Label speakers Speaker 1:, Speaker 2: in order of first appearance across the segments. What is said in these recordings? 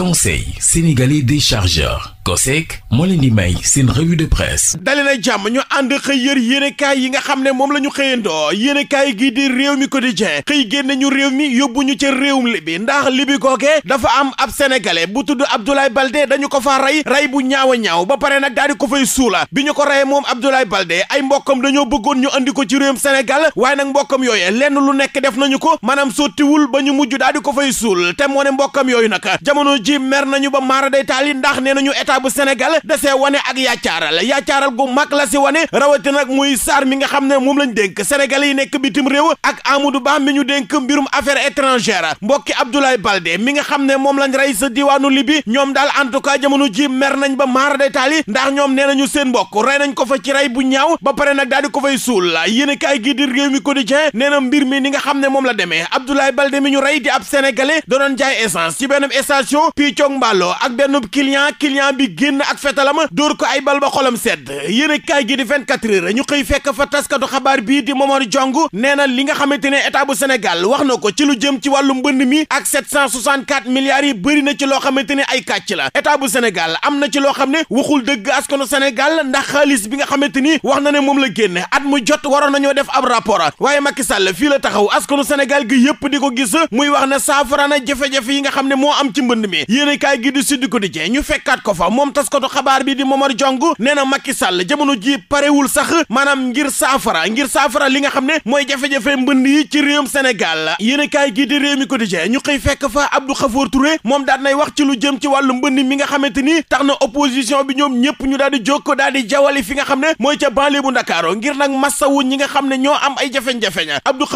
Speaker 1: conseil sénégalais des chargeurs COSEC moo leen di may seen revue na jàmm ñu ànd xëy yër yéenekaay yi nga xam ne moom la ñu xëyandoo yéenekaay gii di réew mi quotidien xëy génn ñu réew mi yóbbu ñu ca réewum libi ndax libi googe dafa am ab sénégalais bu tudd Abdoulaye Baldé dañu ko fa rey rey bu ñaaw a ñaaw ba pare nag daa di ko fay suula bi ñu ko reyee moom Abdoulaye Baldé ay mbokkam dañoo bëggoon ñu andi ko ci réewum Sénégal waaye nag mbokkam yooye lenn lu nekk def nañu ko maanaam sottiwul ba ñu mujj daal di yooyu nag ji mer nañu ba maara day taal nee nañu état bu Sénégal dasee wane ak yaacaaral yaacaaral gu mag la si wane rawati muy Sarr mi nga xam ne moom lañ dénk Sénégal yi nekk bitim réew ak Amadou Ba mi ñu dénk mbirum affaires étrangères mbokki Abdoulaye Baldé mi nga xam ne moom lañ rey diwaanu Libye ñoom daal en tout cas jamono ji mer nañ ba maara day taal ndax ñoom nee nañu seen mbokk rey nañ ko fa ci bu ñaaw ba pare nag daal di ko fay suul la yéen kaay gi di réew mi na mbir mi ni nga xam ne moom la demee Abdoulaye Baldé mi ñu rey di ab sénégalais doonoon jaay essence ci benn station piicoog mbàlloo ak benn client client bi génn ak fetalam dóor ko ay bal ba xolam sedd yéen a kaay gi di 24 heures ñu xëy fekk fa taskatu xabaar bii di Momar Jong nee na li nga xamante ne état bu Sénégal wax na ko ci lu jëm ci wàllu mbënn mi ak 764 milliards yi bëri na ci loo xamante ni ay kàcc la état bu Sénégal am na ci loo xam ne waxul dëgg askanu Sénégal ndax xaalis bi nga xamante ni wax na ne moom la génne at mu jot waroon nañoo def ab rapport waaye Macky Sall fii la taxaw askanu Sénégal gi yëpp di ko gis muy wax ne saafara na jafe yi nga xam ne moo am ci mbënd mi yéen kaay gi di Sud Quotidien ñu fekkaat ko fa moom taskatu xabaar bi di Momar Jong nee na Macky Sall jamono ji parewul sax maanaam ngir saafara ngir saafara li nga xam ne mooy jafe-jafe mbënd yi ci réewum Sénégal yéen kaay gi di Rewmi Quotidien ñu xëy fekk fa Abdou Khafour Touré moom daal nay wax ci lu jëm ci wàllu mbënd mi nga xamante ni tax na opposition bi ñoom ñëpp ñu daal di jokko daal di jawali fi nga xam ne mooy ca banlieue bu Ndakaaru ngir nag massawu ñi nga xam ne ñoo am ay jafe-jafe ña Abdou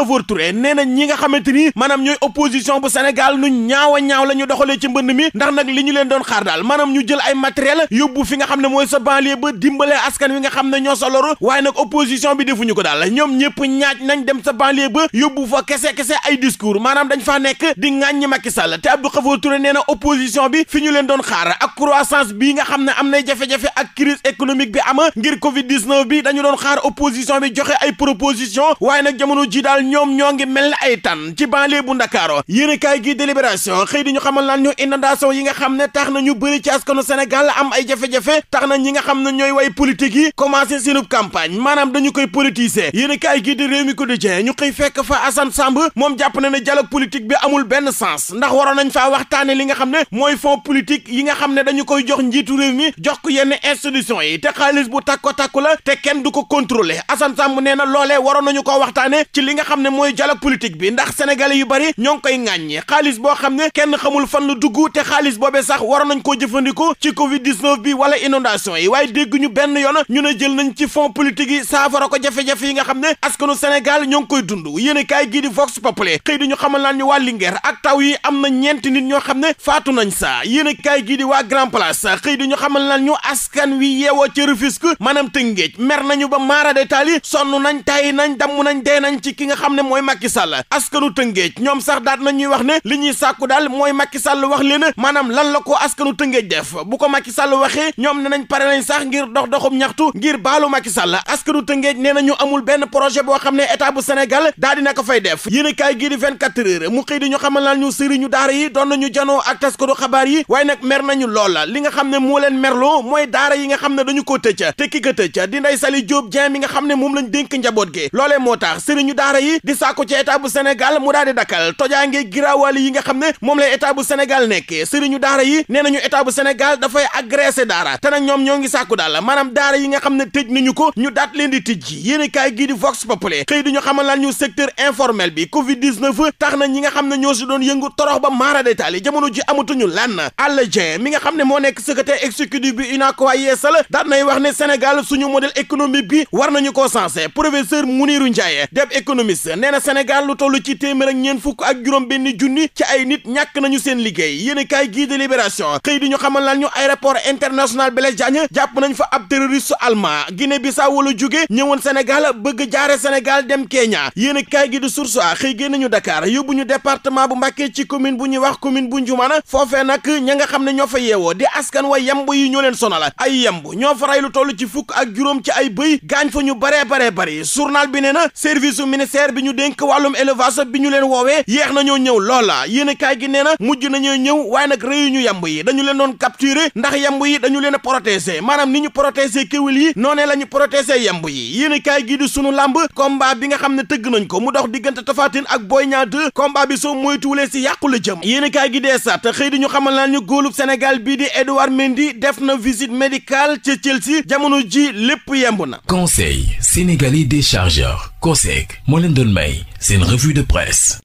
Speaker 1: nee na ñi nga xamante ni maanaam ñooy opposition bu Sénégal nu ñaaw ñaaw la ñu doxalee ci mbënd mi bi ndax nag li ñu leen doon xaar daal maanaam ñu jël ay matériel yóbbu fi nga xam ne mooy sa banlieue ba dimbalee askan wi nga xam ne ñoo sa loru waaye nag opposition bi defuñu ko daal ñoom ñëpp ñaaj nañ dem sa banlieue ba yóbbu fa kese kese ay discours maanaam dañu faa nekk di ŋàññi Macky Sall te Abdou Khafour Touré nee na opposition bi fi ñu leen doon xaar ak croissance bii nga xam ne am nay jafe-jafe ak crise économique bi ama ngir covid 19 bi dañu doon xaar opposition bi joxe ay proposition waaye nag jamono ji daal ñoom ñoo ngi mel ay tan ci banlieue bu Ndakaaru yéene kaay gi délibération recommandations yi nga xam ne tax na ñu ci askanu Sénégal am ay jafe-jafe tax na ñi nga xam ne ñooy way politique yi commencé seenub campagne maanaam dañu koy politiser yéen kaay gii di réew mi quotidien ñu koy fekk fa Assane Samb moom jàpp na ne dialogue politique bi amul benn sens ndax waroon nañ faa waxtaane li nga xam ne mooy fonds politique yi nga xam ne dañu koy jox njiitu réew mi jox ko yenn institution yi te xaalis bu takko takku la te kenn du ko contrôler Assane Samb nee na loolee waroon nañu ko waxtaane ci li nga xam ne mooy dialogue politique bi ndax sénégalais yu bari ñoo ngi koy ŋàññi xaalis boo xam ne kenn xamul fan lu dugg te xaalis boobee sax waroon nañ koo jëfandikoo ci covid 19 bi wala inondation yi waaye dégg ñu benn yoon ñu ne jël nañ ci fonds politique yi saafara ko jafe-jafe yi nga xam ne askanu Sénégal ñoo ngi koy dund yéen kaay gii di Vox Populi xëy di ñu xamal naan ñu waa Linguère ak taw yi am na ñeenti nit ñoo xam ne faatu nañ sa yéen kaay gii di waa Grand Place xëy di ñu xamal naan ñu askan wi yeewoo ci Rufisque maanaam Tëngéej mer nañu ba maara détaal yi sonn nañ tàyyi nañ damm nañ dee nañ ci ki nga xam ne mooy Macky Sall askanu Tëngéej ñoom sax daat nañuy wax ne li ñuy sàkku daal mooy Macky Sall wax leen génn maanaam lan la ko askanu tëngeej def bu ko Macky Sall waxee ñoom ne nañ pare nañ sax ngir dox doxum ñaxtu ngir baalu Macky Sall askanu tëngeej nee na ñu amul benn projet boo xam ne état bu Sénégal daal dina ko fay def yéen a kaay gii mu xëy ñu xamal lan ñu sëriñu daara yi doon nañu janoo ak taskatu xabaar yi waaye nag mer nañu loola li nga xam ne moo leen merloo mooy daara yi nga xam ne dañu ko tëcc te ki ko tëcc di nga xam ne moom lañ dénk njaboot gi loolee moo tax sëriñu daara yi di sàkku ci état bu Sénégal mu daal di dakkal tojaange giraawaali yi nga xam ne moom la état bu Sénégal nekk Mbàkke sëriñu daara yi nee nañu état bu Sénégal dafay agressé daara te nag ñoom ñoo ngi sàkku daal maanaam daara yi nga xam ne tëj nañu ko ñu daat leen di tëj ji yéen i kaay Vox Populi xëy duñu xamal laan ñu informel bi Covid 19 tax na ñi nga xam ne ñoo si doon yëngu torox ba maara détaali jamono ji amatuñu lan Alla Dieng mi nga xam ne moo nekk secrétaire exécutif bi UNACOIS Yeesal daat nay wax ne Sénégal suñu modèle économique bi war nañu ko sensé professeur Mouniru Ndiaye deb économiste nee na Sénégal lu toll ci téeméer ak ñeent fukk ak juróom benn junni ci ay nit ñàkk nañu seen liggéey yéenekaay gii de Libération xëy di ñu xamal laan ñu aéroport international Blaise Diagne jàpp nañ fa ab terroriste allemand Guinée-Bissau wala jóge ñëwoon Sénégal bëgg jaare Sénégal dem Kenya yéenekaay gi di Source A xëy génn ñu Dakar yóbbu ñu département bu Mbacké ci commune bu ñuy wax commune bu Ndioumane foofee nag ña nga xam ne ñoo fa yeewoo di askan wa yamb yi ñoo leen sonal ay yamb ñoo fa rey lu toll ci fukk ak juróom ci ay bëy gaañ fa ñu baree baree bari journal bi nee na service u ministère bi ñu dénk wàllum élevage bi ñu leen woowee yéex nañoo ñëw loola yéenekaay gi nee na mujj nañoo ñëw waaye nag rëyu ñu yamb yi dañu leen doon capturer ndax yamb yi dañu leen a protéger maanaam ni ñu protéger kéwél yi noonee la ñu protéger yamb yi yéen a kaay gii di sunu làmb combat bi nga xam ne tëgg nañ ko mu dox diggante Tapha ak Boy Niang 2 combat bi soo moytuwulee si yàqu la jëm yéen a kaay gi dee sat xëy di ñu xamal naa ñu góolub Sénégal bii di Edouard Mendy def na visite médicale ca si jamono ji lépp yemb na Conseil sénégalais des chargeurs COSEC moo leen doon may seen revue de presse